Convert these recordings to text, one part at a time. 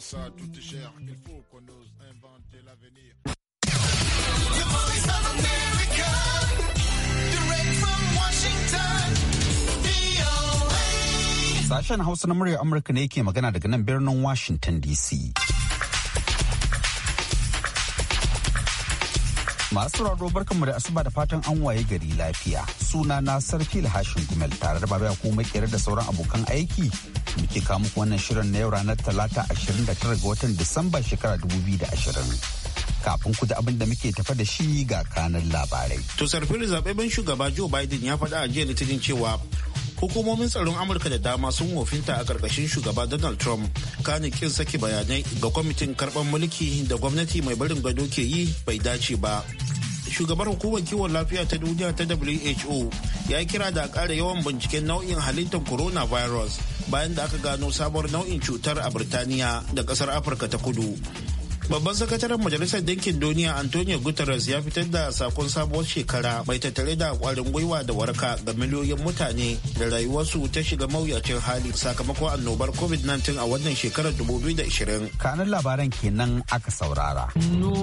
Ça, tout est cher, il faut qu'on ose inventer l'avenir. Sashen Hausa na muryar Amurka ne yake magana daga nan birnin Washington DC. Masu raro barkanmu da asuba da fatan an waye gari lafiya. Suna na sarki Lahashin Gumel tare da Babu kuma kere da sauran abokan aiki muke kawo muku wannan shirin na yau ranar talata 29 ga watan Disamba shekara 2020. kafin ku da abin da muke tafa da shi ga kanan labarai. To sarfin zaɓaɓɓen shugaba Joe Biden ya faɗa a jiya litinin cewa hukumomin tsaron Amurka da dama sun wofinta a ƙarƙashin shugaba Donald Trump kanin kin saki bayanai ga kwamitin karɓar mulki da gwamnati mai barin gado ke yi bai dace ba. shugaban hukumar kiwon lafiya ta duniya ta who ya yi kira da ƙara yawan binciken nau'in halittar coronavirus bayan da aka gano sabuwar nau'in cutar a birtaniya da ƙasar afirka ta kudu babban sakataren majalisar dinkin duniya antonio guterres ya fitar da sakon sabuwar shekara mai tattare da kwarin gwiwa da warka ga miliyoyin mutane da rayuwarsu ta shiga mawuyacin hali sakamakon annobar covid-19 a wannan shekarar 2020 kanun labaran kenan aka saurara no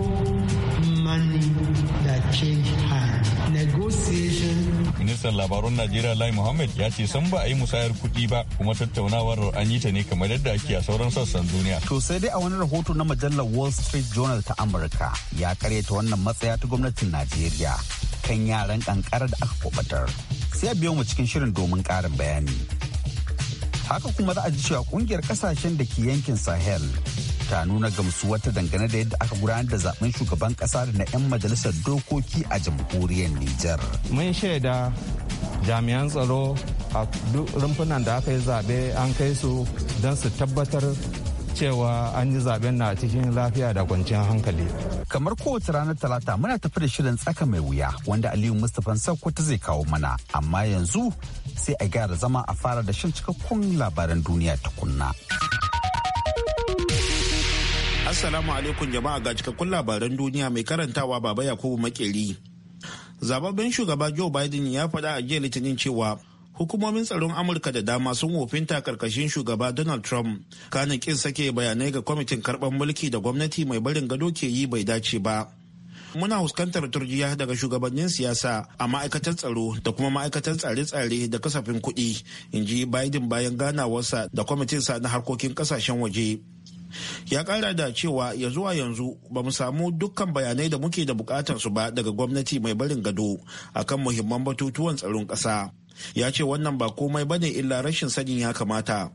ministan labarun najeriya lai muhammad ya ce san ba a yi musayar kuɗi ba kuma tattaunawar an yi ta ne kamar yadda ake a sauran sassan duniya to sai dai a wani rahoto na mujallar wall street journal ta amurka ya ta wannan matsaya ta gwamnatin najeriya kan yaran kankara da aka kubatar sai a biyo mu cikin shirin domin karin bayani haka kuma za a ji cewa kungiyar kasashen da ke yankin sahel ta nuna wata dangane da yadda aka gudanar da zaben shugaban kasa da na 'yan majalisar dokoki a jamhuriyar Nijar. Mun shaida jami'an tsaro a duk rumfunan da aka yi zaɓe an kai su don su tabbatar cewa an yi zaben na cikin lafiya da kwanciyar hankali. Kamar kowace ranar Talata muna tafi da shirin tsaka mai wuya wanda Aliyu Mustapha Sokoto zai kawo mana amma yanzu sai a gyara zama a fara da shan cikakkun labaran duniya tukunna. Assalamu alaikum jama'a ga cikakkun labaran duniya mai karantawa Baba Yakubu Makeri. zababben shugaba joe biden ya faɗa a jiya litinin cewa hukumomin tsaron amurka da dama sun wofinta karkashin shugaba donald trump kanin kin sake bayanai ga kwamitin karɓar mulki da gwamnati mai barin gado ke yi bai dace ba muna fuskantar turjiya daga shugabannin siyasa a ma'aikatar tsaro da kuma ma'aikatar tsare-tsare da kasafin kuɗi in ji biden bayan ganawarsa da kwamitinsa na harkokin ƙasashen waje ya kara da cewa ya zuwa yanzu ba mu samu dukkan bayanai da muke da bukatar su ba daga gwamnati mai barin gado akan muhimman batutuwan tsaron kasa, ya ce wannan ba komai bane illa rashin sanin ya kamata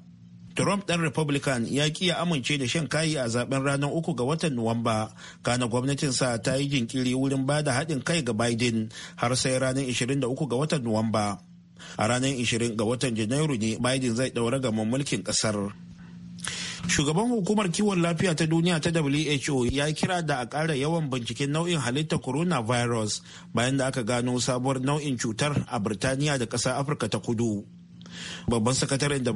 Trump ɗan Republican ya ki ya amince da shan kayi a zaben ranar uku ga watan Nuwamba, kana gwamnatinsa ta yi jinkiri wurin ba da haɗin kai ga Biden har sai ranar 23 ga watan Nuwamba. A ranar 20 ga watan Janairu ne Biden zai ɗaura gaban mulkin ƙasar. shugaban hukumar kiwon lafiya ta duniya ta who ya kira da a ƙara yawan binciken nau'in halittar virus bayan da aka gano sabuwar nau'in cutar a birtaniya da ƙasar afirka ta kudu babban sakataren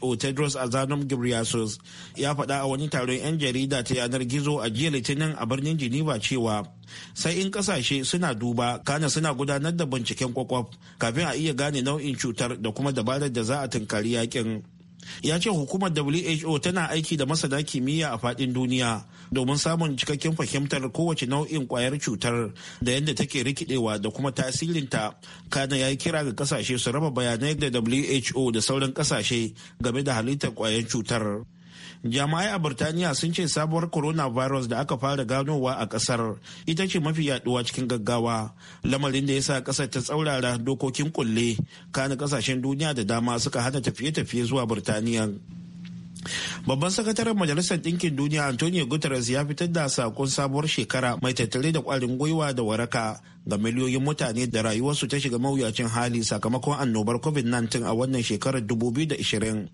who tedros adhanom ghebreyesus ya faɗa a wani taron 'yan jarida ta yanar gizo a jiya litinin a birnin geneva cewa sai in kasashe suna duba kana suna gudanar da binciken kwakwaf kafin a iya gane nau'in cutar da kuma dabarar da za a tunkari yakin ya ce hukumar who tana aiki da masana kimiyya a fadin duniya domin samun cikakken fahimtar kowace nau'in kwayar cutar da yadda take rikidewa da kuma tasirinta kana ya yi kira ga kasashe su raba bayanai da who da sauran kasashe game da halittar kwayar cutar Jami'ai a Birtaniya sun ce sabuwar coronavirus da aka fara ganowa a kasar ita ce mafi yaduwa cikin gaggawa lamarin da ya sa kasar ta tsaurara dokokin kulle kana kasashen duniya da dama suka hana tafiye-tafiye zuwa burtaniya Babban sakataren Majalisar Dinkin Duniya Antonio Guterres ya fitar da sakon sabuwar shekara mai tattare da kwarin gwiwa da waraka ga miliyoyin mutane da rayuwarsu ta shiga mawuyacin hali sakamakon annobar COVID-19 a wannan shekarar 2020.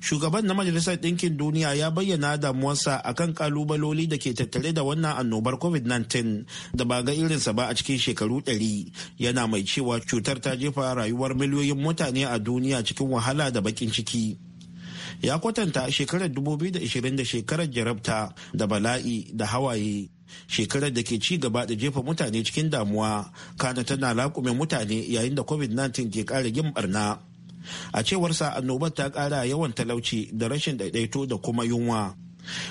shugaban na majalisar ɗinkin duniya ya bayyana damuwarsa kan kalubaloli da ke tattare da wannan annobar covid-19 da ba ga irinsa ba a cikin shekaru 100 yana mai cewa cutar ta jefa rayuwar miliyoyin mutane a duniya cikin wahala da bakin ciki ya kwatanta shekarar 2020 da shekarar jarabta da bala'i da hawaye shekarar da ke ci gaba da jefa mutane cikin damuwa kana tana lakume mutane yayin da covid-19 ke kara yin barna a cewarsa annobar ta kara yawan talauci da rashin daidaito da kuma yunwa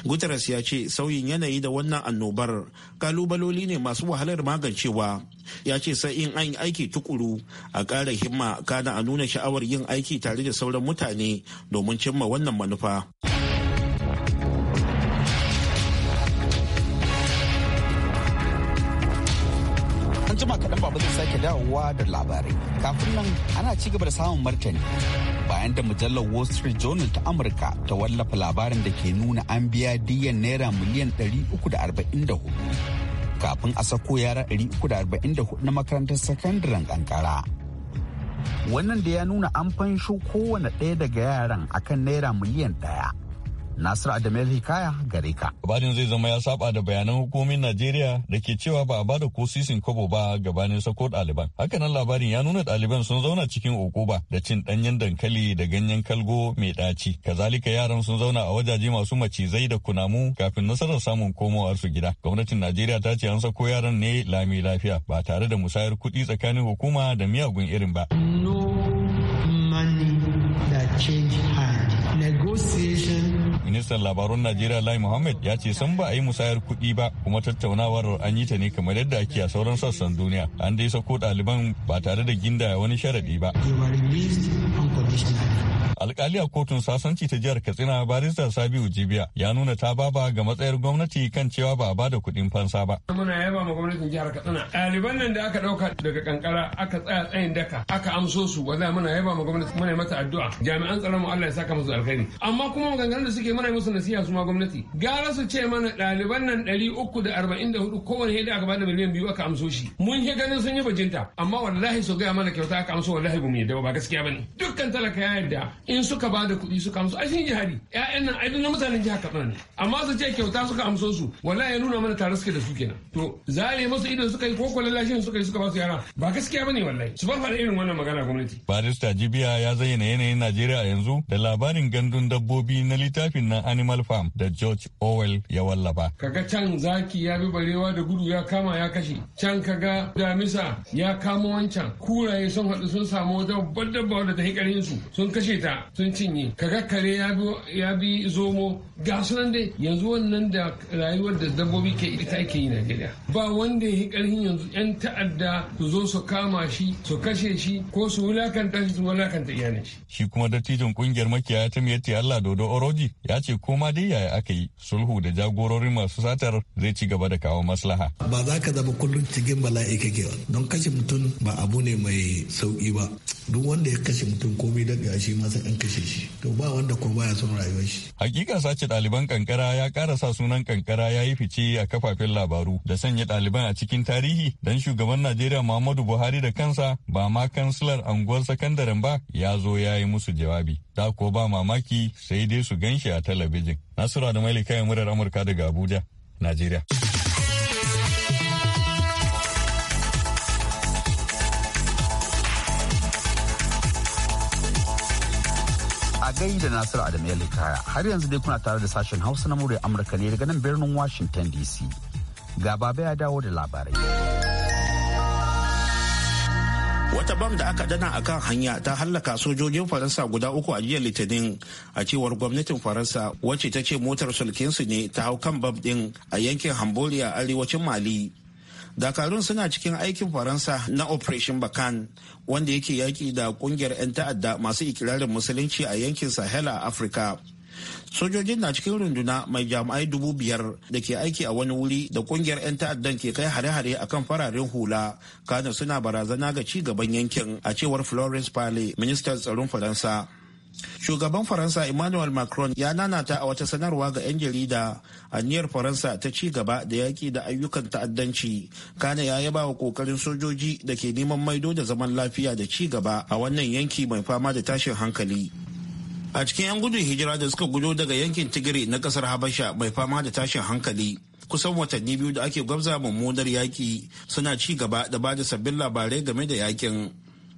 guterres ya ce sauyin yanayi da wannan annobar kalubaloli ne masu wahalar magancewa ya ce sai in an yi aiki tukuru a ƙara himma kana a nuna sha'awar yin aiki tare da sauran mutane domin cimma wannan manufa. jima kaɗan babu zai sake dawowa da labarai kafin nan ana ci gaba da samun martani bayan da mujallar wall street journal ta amurka ta wallafa labarin da ke nuna an biya diyan naira miliyan 344 kafin a sako yara 344 na makarantar sakandaren kankara wannan da ya nuna an fansho kowane ɗaya daga yaran akan naira miliyan ɗaya Nasiru Adamu Hikaya gare ka. Gabanin zai zama ya saba da bayanan hukumomin Najeriya da ke cewa ba a bada ko sisin kobo ba gabanin sako ɗaliban. Hakanan labarin ya nuna ɗaliban sun zauna cikin ukuba da cin ɗanyen dankali da ganyen kalgo mai ɗaci. Kazalika yaran sun zauna a wajaje masu macizai da kunamu kafin nasarar samun komowar gida. Gwamnatin Najeriya ta ce an sako yaran ne lami lafiya ba tare da musayar kuɗi tsakanin hukuma da miyagun irin ba. ministan labarun najeriya lai muhammad ya ce san ba a yi musayar kuɗi ba kuma tattaunawar an yi ta ne kamar yadda ake a sauran sassan duniya an dai sako ɗaliban ba tare da ya wani sharaɗi ba alkali a kotun sasanci ta jihar katsina barista sabiu jibiya ya nuna ta baba ga matsayar gwamnati kan cewa ba a bada kuɗin fansa ba muna yaba ma gwamnatin jihar katsina ɗaliban nan da aka ɗauka daga kankara aka tsaya tsayin daka aka amso su wanda muna yaba ma gwamnati muna mata addu'a jami'an tsaron mu Allah ya saka musu alkhairi amma kuma maganganun da suke muna musu nasiha su ma gwamnati gara su ce mana ɗaliban nan ɗari uku da arba'in da hudu kowane aka bada miliyan biyu aka amso shi mun yi ganin sun yi bajinta amma wallahi su gaya mana kyauta aka amso wallahi bamu yadda ba gaskiya bane dukkan talaka ya yadda in suka bada kuɗi suka amso ashin jihari ƴaƴan nan ai na mutanen jiha kaɗan ne amma su ce kyauta suka amso su wallahi ya nuna mana tare suke da su kenan to zare musu idan suka yi koko lallashin suka yi suka ba su yara ba gaskiya bane wallahi su farfada irin wannan magana gwamnati barista jibiya ya zayyana yanayin najeriya yanzu da labarin gandun dabbobi na littafin na Animal Farm da George Orwell ya wallafa. Kaga can zaki ya bi barewa da gudu ya kama ya kashe. Can kaga damisa ya kama wancan. Kuraye sun haɗu sun samu wata babbar dabba da ta hikarin su sun kashe ta sun cinye. Kaga kare ya bi zomo ga sunan dai yanzu wannan da rayuwar da dabbobi ke ita ake yi Najeriya. Ba wanda ya hikarin yanzu 'yan ta'adda su zo su kama shi su kashe shi ko su wulakanta shi su wulakanta iyalin shi. Shi kuma dattijan kungiyar makiyaya ta miyatti Allah Dodo Oroji ya ya ce koma dai yaya aka yi sulhu da jagororin masu satar zai ci gaba da kawo maslaha. Ba za ka zama kullum cikin bala'i kake ba don kashe mutum ba abu ne mai sauki ba duk wanda ya kashe mutum komai daga shi ma sai an kashe shi to ba wanda ko baya son rayuwar shi. Hakika sace ɗaliban kankara ya ƙara sa sunan kankara ya yi fice a kafafen labaru da sanya ɗaliban a cikin tarihi dan shugaban Najeriya Muhammadu Buhari da kansa ba ma kansilar anguwar sakandaren ba ya zo ya yi musu jawabi. Da ko ba mamaki sai dai su ganshi shi a talabijin. Nasiru da Maili kayan murar Amurka daga Abuja, Najeriya. A gai da Nasiru Adam Kaya har yanzu dai kuna tare da sashen Hausa na murya Amurka ne daga nan birnin Washington DC. Ga baba ya dawo da labarai. wata bam da aka dana a kan hanya ta hallaka sojojin faransa guda uku a jiya litinin a cewar gwamnatin faransa wacce ta ce motar sulkinsu ne ta hau kan bam din a yankin hamboliya arewacin mali dakarun suna cikin aikin faransa na operation bakan wanda yake yaki da kungiyar 'yan ta'adda masu ikirarin musulunci a yankin sahel a afirka sojojin na cikin runduna mai jami'ai dubu biyar da ke aiki a wani wuri da kungiyar 'yan ta'addan ke kai hare-hare a kan fararen hula kana suna barazana ga ci gaban yankin a cewar florence pale ministan tsaron faransa shugaban faransa emmanuel macron ya nanata a wata sanarwa ga 'yan jarida a aniyar faransa ta ci gaba da yaƙi da ayyukan ta'addanci kana ya yaba wa ƙoƙarin sojoji da ke neman maido da zaman lafiya da ci gaba a wannan yanki mai fama da tashin hankali a cikin 'yan gudun hijira da suka gudo daga yankin tigiri na kasar habasha mai fama da tashin hankali kusan watanni biyu da ake gwabza mummunar yaƙi suna ci gaba da ba da sabbin labarai game da yakin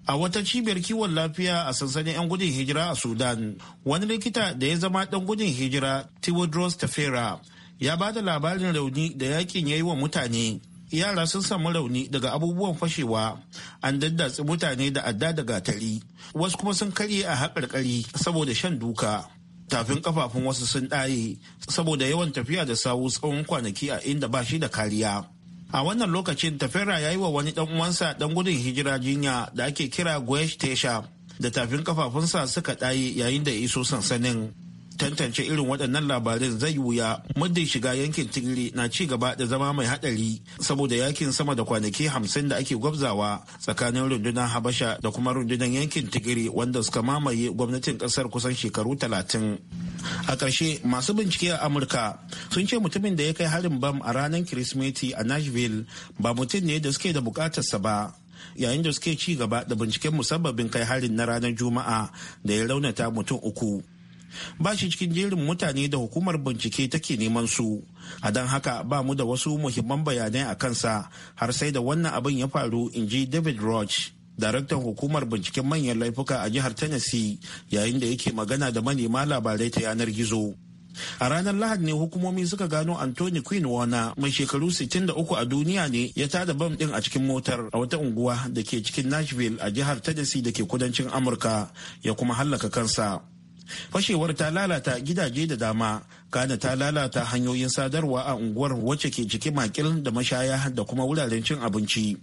a wata cibiyar kiwon lafiya a sansanin 'yan gudun hijira a sudan wani likita da ya zama dan gudun hijira tewodros tafera ya ba da labarin rauni da yakin ya yi wa mutane yara sun samu rauni daga abubuwan fashewa an daddatsi mutane da adda da gatari wasu kuma sun karye a haƙarƙari saboda shan duka tafin kafafun wasu sun ɗaye saboda yawan tafiya da sawu tsawon kwanaki a inda ba shi da kariya a wannan lokacin tafera ya yi wa wani dan uwansa dan gudun hijira jinya da ake kira goyesh tesha da tafin kafafunsa suka ɗaye yayin da ya iso sansanin tantance irin waɗannan labarin zai wuya muddin shiga yankin tigiri na ci gaba da zama mai haɗari saboda yakin sama da kwanaki hamsin da ake gwabzawa tsakanin rundunar habasha da kuma rundunar yankin tigiri wanda suka mamaye gwamnatin ƙasar kusan shekaru talatin a ƙarshe masu bincike a amurka sun ce mutumin da ya kai harin bam a ranar kirismeti a nashville ba mutum ne da suke da bukatarsa ba yayin da suke ci gaba da binciken musabbabin kai harin na ranar juma'a da ya raunata mutum uku ba shi cikin jerin mutane da hukumar bincike take neman su a don haka ba mu da wasu muhimman bayanai a kansa har sai da wannan abin ya faru in ji david roch daraktan hukumar binciken manyan laifuka a jihar tennessee yayin da yake magana da manema labarai ta yanar gizo a ranar lahadi ne hukumomi suka gano anthony queen wana mai shekaru 63 a duniya ne ya tada bam din a cikin motar a wata unguwa da ke cikin nashville a jihar tennessee da ke kudancin amurka ya kuma hallaka kansa fashewar ta lalata gidaje da dama kana ta lalata hanyoyin sadarwa a unguwar wacce ke ciki makil da mashaya da kuma wuraren cin abinci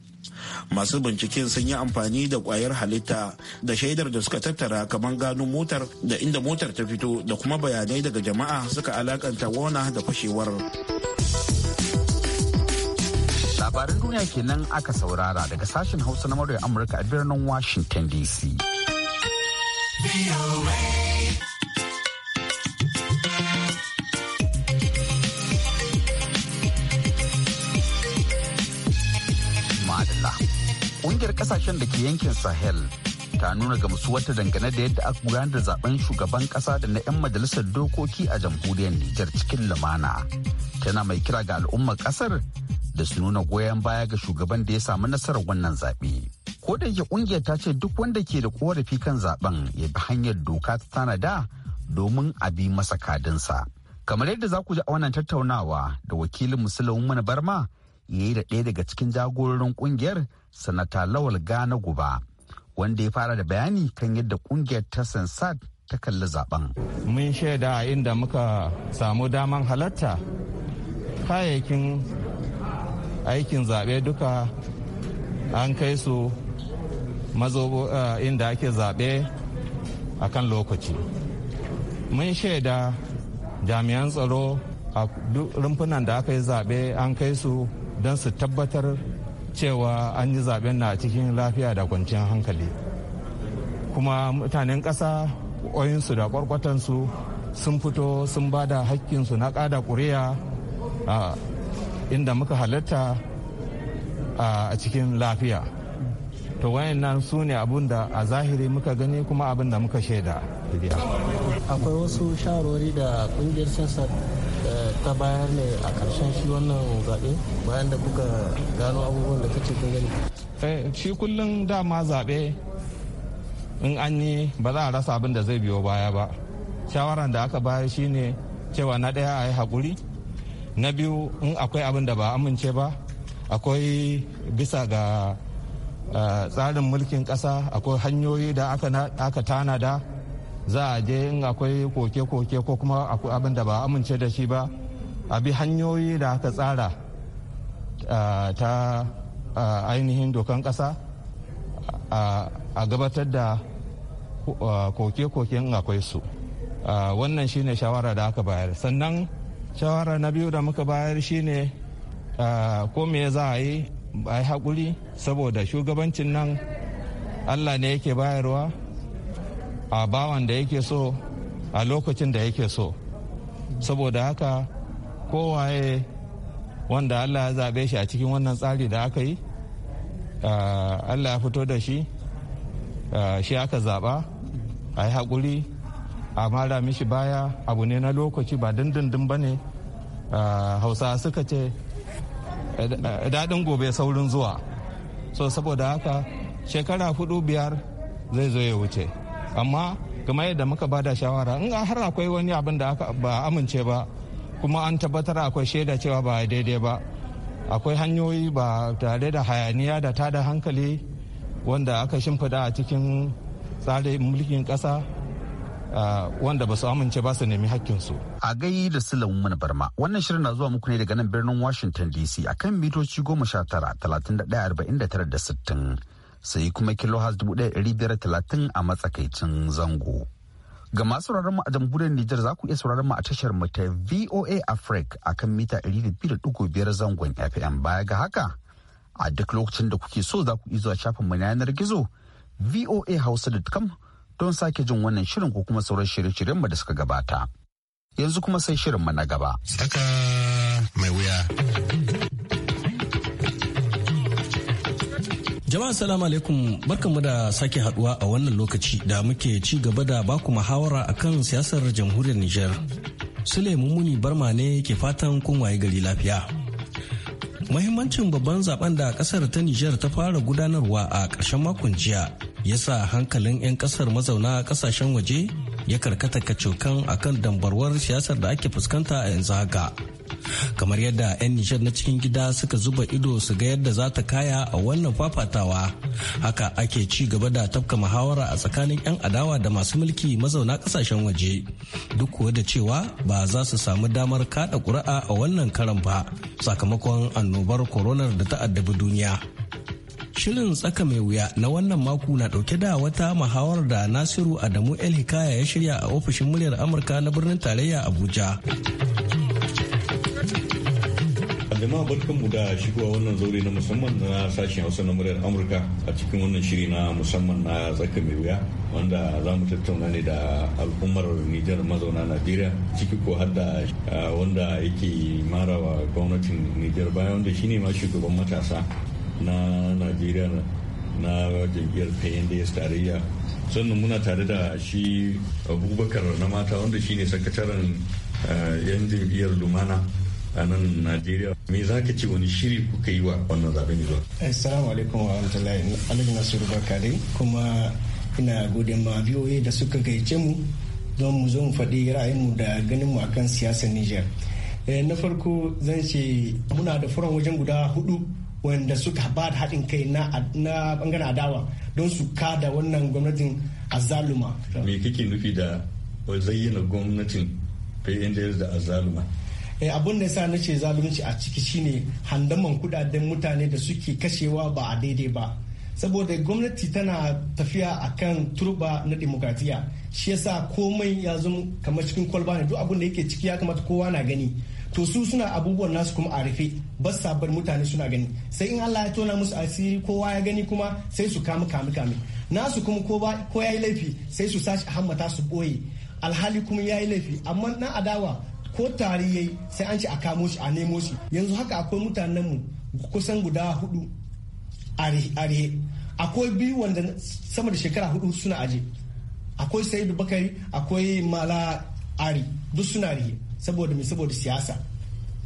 masu binciken sun yi amfani da kwayar halitta da shaidar da suka tattara kamar gano motar da inda motar ta fito da kuma bayanai daga jama'a suka alakanta wana da fashewar labarin duniya kenan aka saurara daga sashen hausa na murya amurka a birnin washington dc kasashen da ke yankin Sahel ta nuna ga wata dangane da yadda aka gudanar da zaben shugaban kasa da na 'yan majalisar dokoki a jamhuriyar Nijar cikin lumana. Tana mai kira ga al'ummar kasar da su nuna goyon baya ga shugaban da ya samu nasarar wannan zaɓe. Ko da yake kungiyar ta ce duk wanda ke da korafi kan zaben ya bi hanyar doka ta tanada domin a bi masa kadinsa. Kamar yadda za ku ji a wannan tattaunawa da wakilin Musulun Mana Barma ya yi da ɗaya daga cikin jagororin ƙungiyar sanata lawal gana guba wanda ya fara da bayani kan yadda ƙungiyar ta sansad ta kalli zaben. mun shaida a inda muka samu daman halatta kayayyakin aikin zaɓe duka an kai su mazobo eh, inda ake zaɓe a kan lokaci mun shaida jami'an tsaro a rumfunan da aka yi zaɓe an kai su don su tabbatar cewa an yi zaben na cikin lafiya da kwanciyar hankali kuma mutanen ƙasa oyinsu da kwarkwatansu sun fito sun ba da hakkinsu na ƙada ƙuri'a inda muka halatta a cikin lafiya to wayannan su ne abun da a zahiri muka gani kuma abun da muka shaida akwai wasu sharori da kungiyar sassa ka bayar ne a ƙarshen shi wannan zaɓe bayan da kuka gano abubuwan da kace kun gani eh, shi kullum dama zaɓe in an yi ba za a rasa abin da zai biyo baya ba shawaran da aka bayar shine cewa na ɗaya a yi haƙuri na biyu in akwai abin da ba amince ba akwai bisa ga eh, tsarin mulkin ƙasa akwai hanyoyi da aka tanada za a je in akwai koke-koke ko kuma abin da ba amince da shi ba a bi hanyoyi da aka tsara ta ainihin dokan ƙasa a gabatar da koke-koken akwai su wannan shine shawara da aka bayar sannan shawara na biyu da muka bayar shine ko me za a yi a yi haƙuri saboda shugabancin nan allah ne yake bayarwa a bawan da yake so a lokacin da yake so saboda haka kowaye wanda allah ya zaɓe shi a cikin wannan tsari da aka yi allah ya fito da shi shi aka zaɓa a yi haƙuri a mara mishi baya abu ne na lokaci ba dindindin ba ne hausa suka ce eh, eh, daɗin gobe saurin zuwa so saboda haka shekara hudu biyar zai zo ya wuce amma kamar yadda muka bada shawara in har akwai wani abin da aka ba amince ba kuma an tabbatar akwai shaida cewa ba daidai ba akwai hanyoyi ba tare da hayaniya da tada hankali wanda aka shimfida a cikin tsarin mulkin ƙasa wanda ba su amince ba su nemi hakkinsu. A gai da mana Barma, wannan shirin na zuwa muku ne daga nan birnin Washington DC a kan mitoci goma da sai kuma kilohaz dubu a matsakaicin zango. Ga masu sauraron mu a jamhuriyar Nijar za ku iya sauraron mu a tashar mu ta VOA Africa a kan mita 200.5 zangon FM baya ga haka. A duk lokacin da kuke so za ku iya zuwa shafin mu na yanar gizo voahausa.com don sake jin wannan shirin ko kuma sauran shirye-shiryen mu da suka gabata. Yanzu kuma sai shirin mu na gaba. Saka mai wuya. Jama'a salamu alaikum barkanmu da sake haduwa a wannan lokaci da muke ci gaba da baku muhawara akan siyasar jamhuriyar Nijar. Sule muni Barma ne ke fatan kun waye gari lafiya. Muhimmancin babban zaben da kasar ta Nijar ta fara gudanarwa a ƙarshen makon jiya ya sa hankalin 'yan kasar mazauna kasashen waje ya karkata kacokan kan dambarwar siyasar da ake fuskanta a yanzu haka kamar yadda 'yan nishar na cikin gida suka zuba ido su ga yadda za ta kaya a wannan fafatawa haka ake ci gaba da tafka muhawara a tsakanin 'yan adawa da masu mulki mazauna kasashen waje duk kuwa da cewa ba za su samu damar kada ƙuri'a a wannan karan ba sakamakon annobar koronar da ta addabi duniya Shirin tsaka mai wuya na wannan mako na dauke da wata muhawar da Nasiru Adamu El Hikaya ya shirya a ofishin muryar Amurka na birnin tarayya Abuja. jama'a barkanmu da shigowa wannan zaure na musamman na sashen hausa na muryar amurka a cikin wannan shiri na musamman na tsaka mai wuya wanda za mu tattauna ne da al'ummar nijar mazauna najeriya ciki ko har da ah, wanda yake marawa gwamnatin nijar baya wanda shine ma shugaban matasa na najeriya na jam'iyyar pnds ya sannan muna tare da shi abubakar na mata wanda shine sakataren eh, yan jam'iyyar lumana a nan najeriya me za ka ce wani shiri kuka yi wa wannan ne zuwa assalamu alaikum wa rahmatullahi alaikum nasiru Bakari kuma ina gode ma biyoyi da suka gaice mu don mu zo mu faɗi ra'ayinmu da ganin mu akan siyasar niger eh, na farko zan ce muna da furan wajen guda hudu wanda suka ba da haɗin kai na bangaren adawa don su kada wannan gwamnatin azaluma. me kake nufi da zayyana gwamnatin pnds da azaluma eh, abun da yasa na ce zalunci a ciki shine handaman kudaden mutane da suke kashewa ba a daidai ba saboda gwamnati tana tafiya a kan turba na demokratiya shi yasa komai ya zama kamar cikin kwalba ne duk abun da yake ciki ya kamata kowa na gani to su suna abubuwan nasu kuma a rufe ba su sabar mutane suna gani sai in Allah ya tona musu asiri kowa ya gani kuma sai su kama kame kame nasu kuma ko ya yi laifi sai su sashi hammata su boye alhali kuma ya yi laifi amma na adawa ko tari yayi sai an ce a kamo shi a nemo shi yanzu haka akwai mutanen mu kusan guda hudu are akwai biyu wanda sama da shekara hudu suna aje akwai sa'idu bakari akwai mala ari duk suna rihe saboda mai saboda siyasa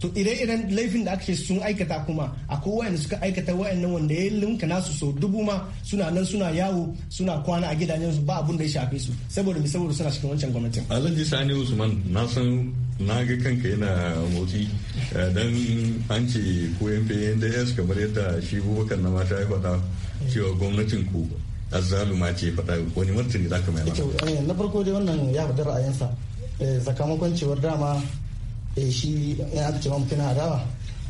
to ire-iren laifin da aka ce sun aikata kuma a akwai wayanda suka aikata wayannan wanda ya linka nasu sau dubu ma suna nan suna yawo suna kwana a gidajen su ba abun da ya shafe su saboda mai saboda suna cikin wancan gwamnatin alhaji sani usman na san na ga kanka yana motsi eh, dan an ce ko yan da yas kamar yadda shi bubakar na mata ya fata cewa gwamnatin ku azzaluma ce faɗa wani za zaka mai eh, na farko dai wannan ya a ra'ayinsa Eh, sakamakon cewar dama eh, shi ya ce ma mutum harawa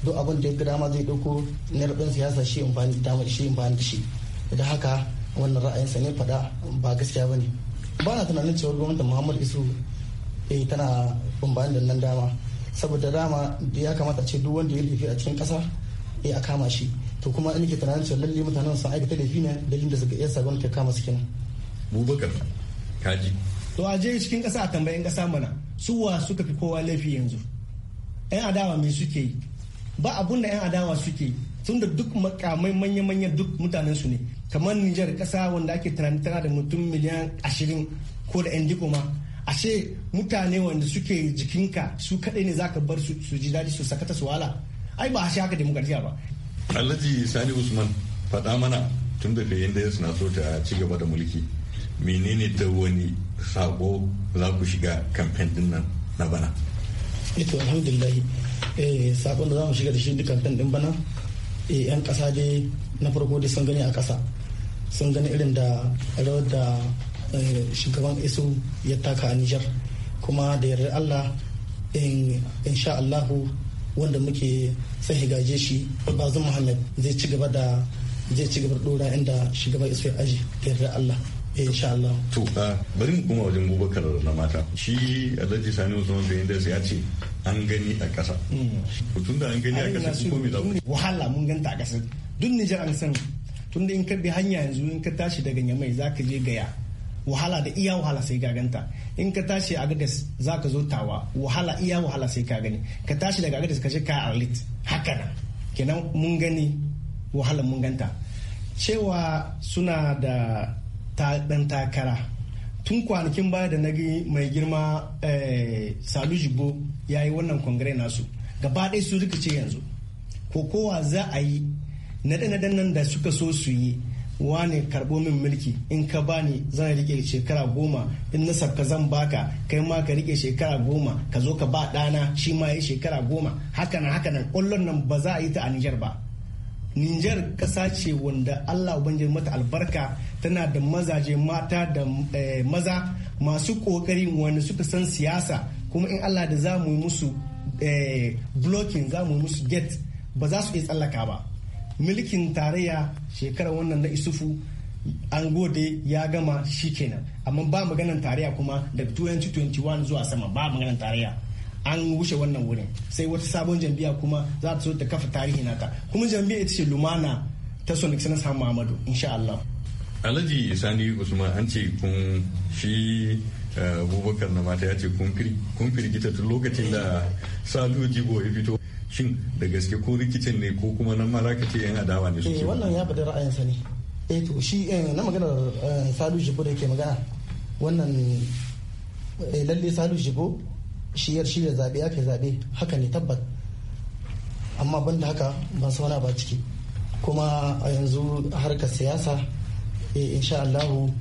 duk abin da ya ga dama zai dauko na rabin siyasa shi amfani da shi amfani da shi da haka wannan ra'ayinsa ne fada ba gaskiya ba ne ba na tunanin cewar gwamnatin muhammad isu eh, tana amfani da nan dama saboda dama ya kamata ce duk wanda ya laifi a cikin ƙasa ya a kama shi to kuma in ke tunanin cewa lalle mutanen sun aikata laifi ne dalilin da suka iya sabon ta kama su kenan bubakar kaji to a je cikin kasa a tambayin kasa mana suwa suka fi kowa laifi yanzu yan adawa me suke yi ba abun da yan adawa suke yi tun da duk makamai manya-manya duk mutanen su ne kamar Nijar kasa wanda ake tunanin tana da mutum miliyan ashirin ko da yan ma ashe mutane wanda suke jikinka su kaɗai ne zaka bar su ji daɗi su sakata su wala ai ba shi haka demokratiya ba alhaji sani usman faɗa mana tun da yayin da suna so ta ci gaba da mulki menene da wani sako za ku shiga kamfen din nan na bana ito eh alhamdulillah eh sakon da za mu shiga da shi kamfen din bana eh yan kasa dai na farko da sun gani a kasa sun gani irin da rawar da eh, shugaban isu ya taka a Nijar kuma da yarda Allah in sha Allahu wanda muke sai gaje shi Bazum Muhammad zai ci gaba da zai ci gaba dora inda shugaban isu ya aji da yarda Allah insha Allah to bari mu kuma wajen bubakar na mata shi alhaji sani usman bin da ya ce an gani a ƙasa tun da an gani a ƙasa ko me za ku wahala mun ganta a ƙasa duk Nijar an san tun da in ka bi hanya yanzu in ka tashi daga Nyamai zaka je Gaya wahala da iya wahala sai ka ganta in ka tashi a gadas za ka zo tawa wahala iya wahala sai ka gani ka tashi daga gadas ka je ka arlit haka nan kenan mun gani wahala mun ganta cewa suna da ta dan takara tun kwanakin baya da na mai girma eh, salu jibo ya yi wannan kongire nasu gaba ɗaya su rikice yanzu ko kowa za a yi naɗe-naɗen nan da suka so su yi wane karɓo min mulki in ka bani zan rike shekara goma in na sabka zan baka kai ma ka rike shekara goma ka zo ka ba ɗana shi ma ya shekara goma hakanan hakanan ƙwallon nan ba za a yi ta a Nijar ba Nijar ƙasa ce wanda Allah ubangiji mata albarka tana da mazaje mata da eh, maza masu ƙoƙari wanda suka san siyasa kuma in Allah da za mu yi musu eh, blocking za mu yi musu gate ba za su iya tsallaka ba. Mulkin tarayya shekarar wannan na Isufu an gode ya gama shi kenan amma ba maganan tarayya kuma daga 2021 zuwa sama ba maganan tarayya an wuce wannan wurin sai wata sabon jam'iyya kuma za ta so ta kafa tarihi naka kuma jam'iyya ita ce lumana ta son excellence samu muhammadu insha allah alhaji sani usman an ce kun shi eh, abubakar na mata ya ce kun firgita tun lokacin da salu jibo ya fito shin da gaske ko rikicin ne ko kuma nan malaka ce yan adawa ne suke eh, wannan ya faɗi ra'ayinsa ne eh to shi eh, na maganar salu jibo da ke magana wannan lalle salu jibo shiyar shirya zaɓe ya fi zaɓe haka ne tabbat amma banda haka ban sauna ba ciki kuma a yanzu harkar siyasa eh, insha Allahu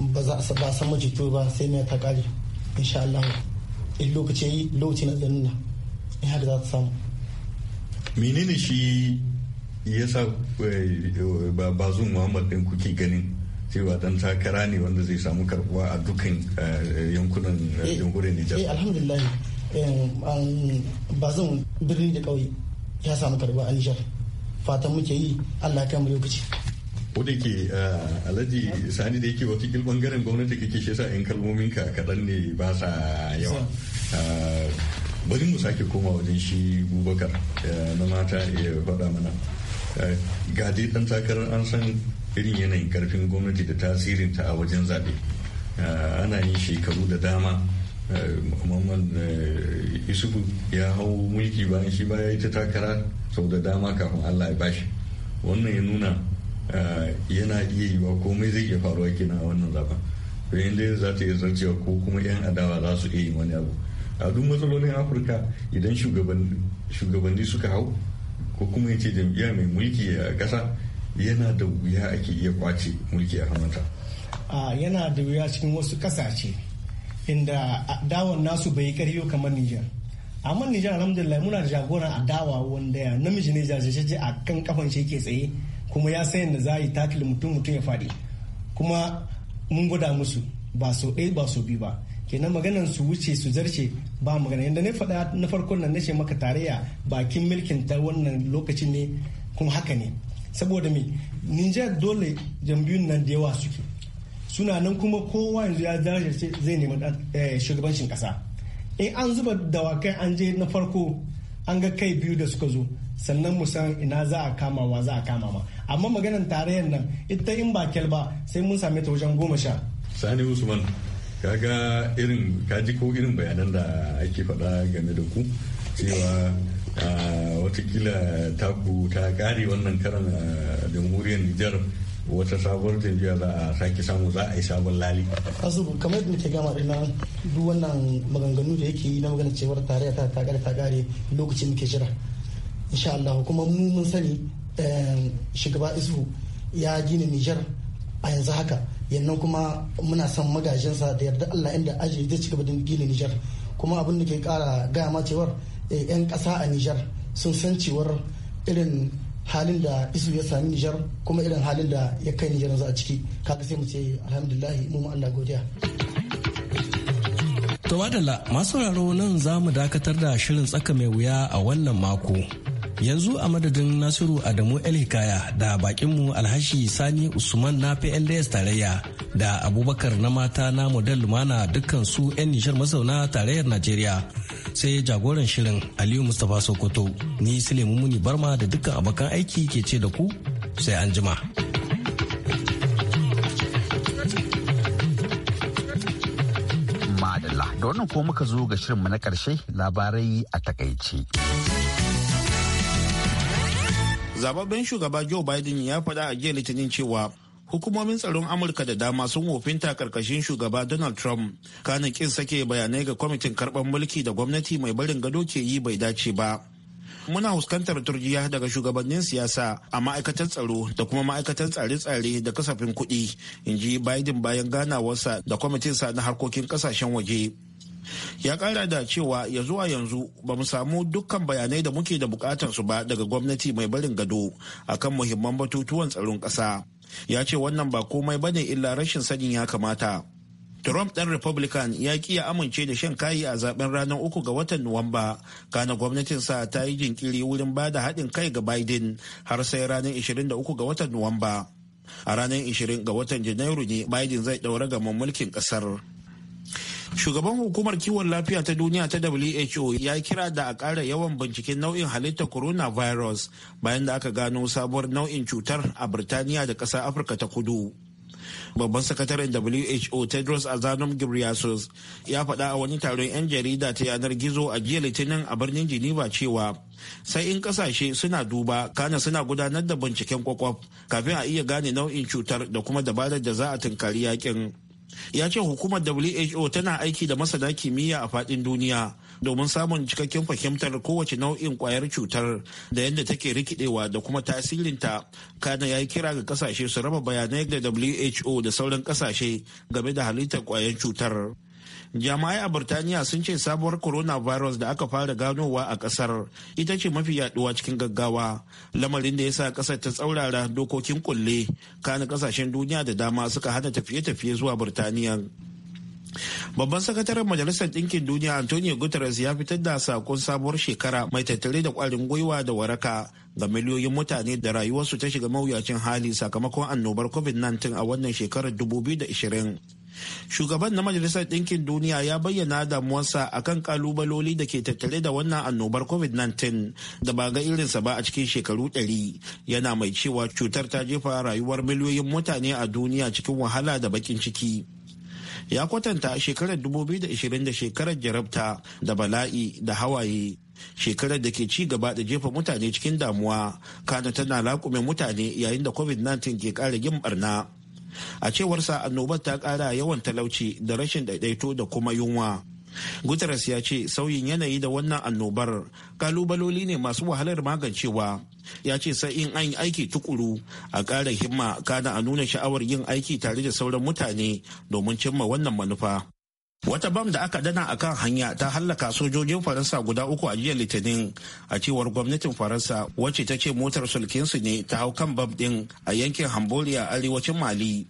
ba za a ba san ba sai mai ta kare insha Allahu in lokaci yi lokaci na zanuna in haka za ta samu menene shi ya sa eh, eh, zuwa muhammad din kuke ganin cewa dan takara ne wanda zai samu karbuwa a dukkan eh, yankunan eh, eh, jamhuriyar Nijar. Eh alhamdulillah ba zan birni da ƙauye ya samu karbuwa a Nijar. Fatan muke yi Allah ya mu lokaci. ko da ke alhaji sani da yake wakil bangaren gwamnati kake shi yasa 'yan kalmomin ka kaɗan ne ba sa yawa bari mu sake koma wajen shi bubakar na mata ya faɗa mana ga dai ɗan takarar an san irin yanayin karfin gwamnati da tasirinta a wajen zaɓe ah, ana yin shekaru da dama eh, muhammad eh, isufu ya hau mulki bayan shi ba ya yi ta takara sau da dama kafin allah ya bashi wannan ya nuna eh, yana iya yiwa komai zai iya faruwa kenan a wannan zaben to yadda za ta iya zarcewa ko kuma yan adawa za su iya yi wani abu a duk matsalolin afirka idan shugabanni suka hau ko kuma ya ce jam'iyya mai mulki a ƙasa yana da wuya ake iya kwace mulki a hannunta yana da wuya cikin wasu kasashe inda dawon nasu bai karyo kamar Nijar. amma Nijar alhamdulillah muna da jagoran dawa wanda ya namiji ne jajajaje a kan kafan shi ke tsaye kuma ya sayan da za yi takil mutum mutum ya fadi kuma mun gwada musu ba so ɗaya ba so biyu ba kenan maganan su wuce su zarce ba magana yadda na faɗa na farkon nan nace maka tarayya bakin milkin ta wannan lokacin ne kuma haka ne saboda me Nijar dole jambiyun nan da yawa suke suna nan kuma kowa yanzu ya ce zai nemi eh, shugabancin kasa in an zuba dawakai an je na farko an ga kai biyu da suka zo sannan mu san ina za a kama wa za a kama ma amma maganar tarayyar nan ita in ba kyal ba sai mun same ta wajen goma sha sani usman kaga irin kaji ko irin bayanan da ake faɗa game da ku cewa watakila taku ta kare wannan karan a jamhuriyar nijar wata sabuwar jam'iyya za a sake samu za a yi sabon lali. asu kamar yadda ke gama dina duk wannan maganganu da yake yi na maganar cewar tarayya ta ta ta kare lokacin muke jira insha Allah kuma mu mun sani eh, shugaba isu ya gina Nijar a yanzu haka yannan kuma muna son magajinsa da yarda Allah inda aji zai ci gaba da gina Nijar kuma abin da ke kara gaya ma cewar Eh, 'yan ƙasa a Nijar sun san cewar irin halin da isu ya sami Nijar kuma irin halin da ya kai Nijar yanzu a ciki kaga sai mu ce alhamdulillahi mu Allah godiya. To madalla masu raro nan za mu dakatar da shirin tsaka mai wuya a wannan mako. Yanzu a madadin Nasiru Adamu Hikaya da bakinmu Alhashi Sani Usman na PNDS tarayya da Abubakar na mata na model Lumana dukkan su 'yan nishar masauna tarayyar Najeriya. sai jagoran shirin Aliyu Mustapha Sokoto ni Sulaimu Muni Barma da dukkan abokan aiki ke ce da ku sai an jima. Madalla da wannan ko muka zo ga shirinmu na ƙarshe labarai a takaici. Zababben shugaba Joe Biden ya faɗa a jiya litinin cewa hukumomin tsaron amurka da dama sun wofinta karkashin shugaba donald trump kanin kin sake bayanai ga kwamitin karɓar mulki da gwamnati mai barin gado ke yi bai dace ba muna fuskantar turjiya daga shugabannin siyasa a ma'aikatar tsaro da kuma ma'aikatar tsare-tsare da kasafin kuɗi in ji biden bayan ganawarsa da kwamitin sa na harkokin kasashen waje ya kara da cewa ya zuwa yanzu ba mu samu dukkan bayanai da muke da bukatar su ba daga gwamnati mai barin gado akan muhimman batutuwan tsaron ƙasa ya ce wannan ba komai bane illa rashin sanin ya kamata Trump ɗan Republican ya ki ya amince da shan kayi a zaben ranar uku ga watan Nuwamba, kana gwamnatinsa ta yi jinkiri wurin ba da haɗin kai ga Biden har sai ranar 23 ga watan Nuwamba. A ranar 20 ga watan Janairu ne Biden zai ɗaura gaban mulkin ƙasar. Shugaban hukumar kiwon lafiya ta duniya ta WHO ya kira da a ƙara yawan binciken nau'in halittar coronavirus bayan da aka gano sabuwar nau'in cutar a Birtaniya da ƙasar Afirka ta kudu. Babban sakataren WHO Tedros Adhanom Ghebreyesus ya faɗa a wani taron 'yan jarida ta yanar gizo a jiya Litinin a birnin Geneva cewa sai in kasashe suna duba kana suna gudanar da binciken kwakwaf kafin a iya gane nau'in cutar da kuma dabarar da za a tunkari yakin. ya ce hukumar who tana aiki da masana kimiyya a fadin duniya domin samun cikakken fahimtar kowace nau'in kwayar cutar da yadda take rikidewa da kuma tasirinta kana ya yi kira ga kasashe su raba bayanai da who da sauran kasashe game da halittar kwayar cutar jama'ai a burtaniya sun ce sabuwar coronavirus da aka fara ganowa a kasar ita ce mafi yaduwa cikin gaggawa lamarin da ya sa kasar ta tsaurara dokokin kulle kana kasashen duniya da dama suka hana tafiye-tafiye zuwa birtaniya. Babban sakataren Majalisar Ɗinkin Duniya Antonio Guterres ya fitar da sakon sabuwar shekara mai tattare da kwarin gwiwa da waraka ga miliyoyin mutane da rayuwarsu ta shiga mawuyacin hali sakamakon annobar COVID-19 a wannan shekarar 2020. shugaban na majalisar ɗinkin duniya ya bayyana damuwarsa kan kalubaloli da ke tattare da wannan annobar covid-19 da ba ga irinsa ba a cikin shekaru 100 yana mai cewa cutar ta jefa rayuwar miliyoyin mutane a duniya cikin wahala da bakin ciki ya kwatanta shekarar 2020 da shekarar jarabta da bala'i da hawaye shekarar da ke ci gaba da jefa mutane cikin damuwa kana tana laƙume mutane yayin da covid-19 ke ƙara yin barna a cewarsa annobar ta kara yawan talauci da rashin daidaito da kuma yunwa Guterres ya ce sauyin yanayi da wannan annobar kalubaloli ne masu wahalar magancewa. Ya ce sai in an yi aiki tukuru a ƙara himma kana a nuna sha'awar yin aiki tare da sauran mutane domin cimma wannan manufa. wata bam da aka dana a kan hanya ta hallaka sojojin faransa guda uku a jiya litinin a cewar gwamnatin faransa wacce ta ce motar sulkinsu ne ta hau kan bam din a yankin hamboliya arewacin mali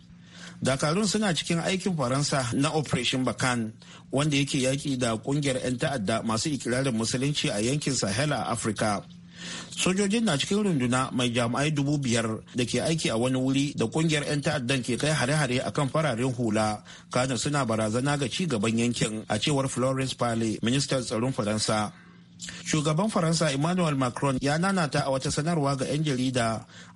dakarun suna cikin aikin faransa na operation bakan wanda yake yaki da kungiyar 'yan ta'adda masu ikirarin musulunci a yankin sahel a afirka sojojin na cikin runduna mai jami'ai dubu biyar da ke aiki a wani wuri da kungiyar 'yan ta'addan ke kai hare-hare a kan fararen hula kano suna barazana ga ci gaban yankin a cewar florence pale ministan tsaron faransa Shugaban Faransa Emmanuel Macron ya nanata a wata sanarwa ga 'yan jarida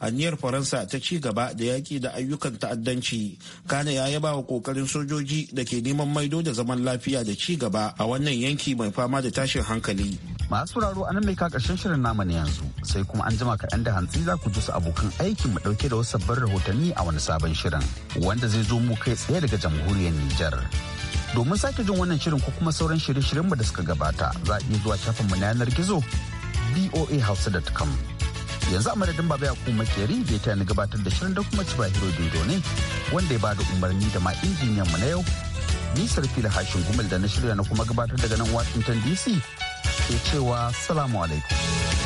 a aniyar Faransa ta ci gaba da yaƙi da ayyukan ta'addanci. Kana ya yaba wa ƙoƙarin sojoji da ke neman maido da zaman lafiya da ci gaba a wannan yanki mai fama da tashin hankali. Masu sauraro anan mai kakashin shirin namu ne yanzu sai kuma an jima kaɗan da hantsi za ku ji su abokan aikin mu ɗauke da wasu sabbin rahotanni a wani sabon shirin wanda zai zo mu kai tsaye daga jamhuriyar Nijar. Domin sake jin wannan shirin ko kuma sauran shirye-shiryenmu da suka gabata za a iya zuwa mu na yanar gizo voahouse.com. Yanzu a madadin baba ya kuma makeri da ya ni gabatar da shirin da kuma ci hiro dido ne wanda ya bada umarni da ma injiniyan mu na yau. Nisar fili hashin gumal da na shirya na kuma gabatar daga nan Washington DC ke cewa salamu alaikum.